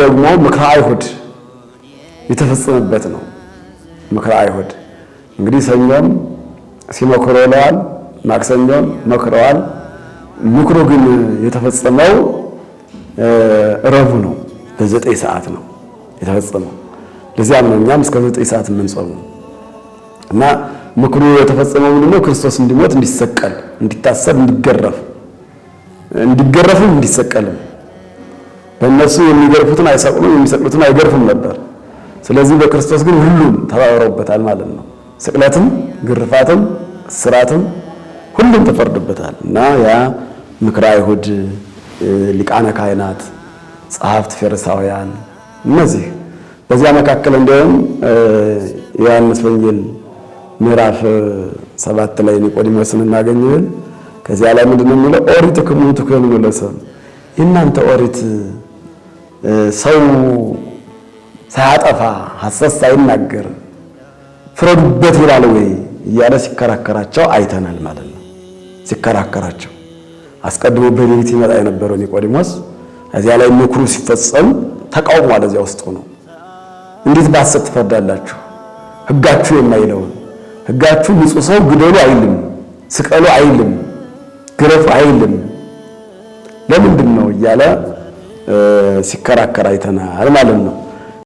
ደግሞ ምክረ አይሁድ የተፈጸመበት ነው። ምክረ አይሁድ እንግዲህ ሰኞም ሲመክሩ ውለዋል፣ ማክሰኞም መክረዋል። ምክሩ ግን የተፈጸመው ረቡ ነው፣ በዘጠኝ ሰዓት ነው የተፈጸመው። ለዚያም ነው እኛም እስከ ዘጠኝ ሰዓት የምንጾመው እና ምክሩ የተፈጸመው ምንድነው? ክርስቶስ እንዲሞት፣ እንዲሰቀል፣ እንዲታሰር፣ እንዲገረፍ እንዲገረፍም እንዲሰቀልም በእነሱ የሚገርፉትን አይሰቅሉም፣ የሚሰቅሉትን አይገርፉም ነበር። ስለዚህ በክርስቶስ ግን ሁሉም ተባብረውበታል ማለት ነው። ስቅለትም፣ ግርፋትም፣ ስራትም ሁሉም ተፈርዶበታል እና ያ ምክረ አይሁድ፣ ሊቃነ ካህናት፣ ጸሐፍት ፈሪሳውያን እነዚህ በዚያ መካከል እንዲሁም የዮሐንስ ወንጌል ምዕራፍ ሰባት ላይ ኒቆዲሞስን እናገኘዋለን። ከዚያ ላይ ምንድነው የሚለው? ኦሪትክሙ ትኩኑ ለሰብእ የእናንተ ኦሪት ሰው ሳያጠፋ ሐሰት ሳይናገር ፍረዱበት ይላል ወይ እያለ ሲከራከራቸው አይተናል ማለት ነው። ሲከራከራቸው አስቀድሞ በሌሊት ይመጣ የነበረው ኒቆዲሞስ እዚያ ላይ ምክሩ ሲፈጸም ተቃውሟል። እዚያ ውስጥ ነው። እንዴት በሐሰት ትፈርዳላችሁ? ሕጋችሁ የማይለውን ሕጋችሁ ንጹሕ ሰው ግደሉ አይልም፣ ስቀሉ አይልም፣ ግረፉ አይልም። ለምንድን ነው እያለ ሲከራከር አይተናል ማለት ነው።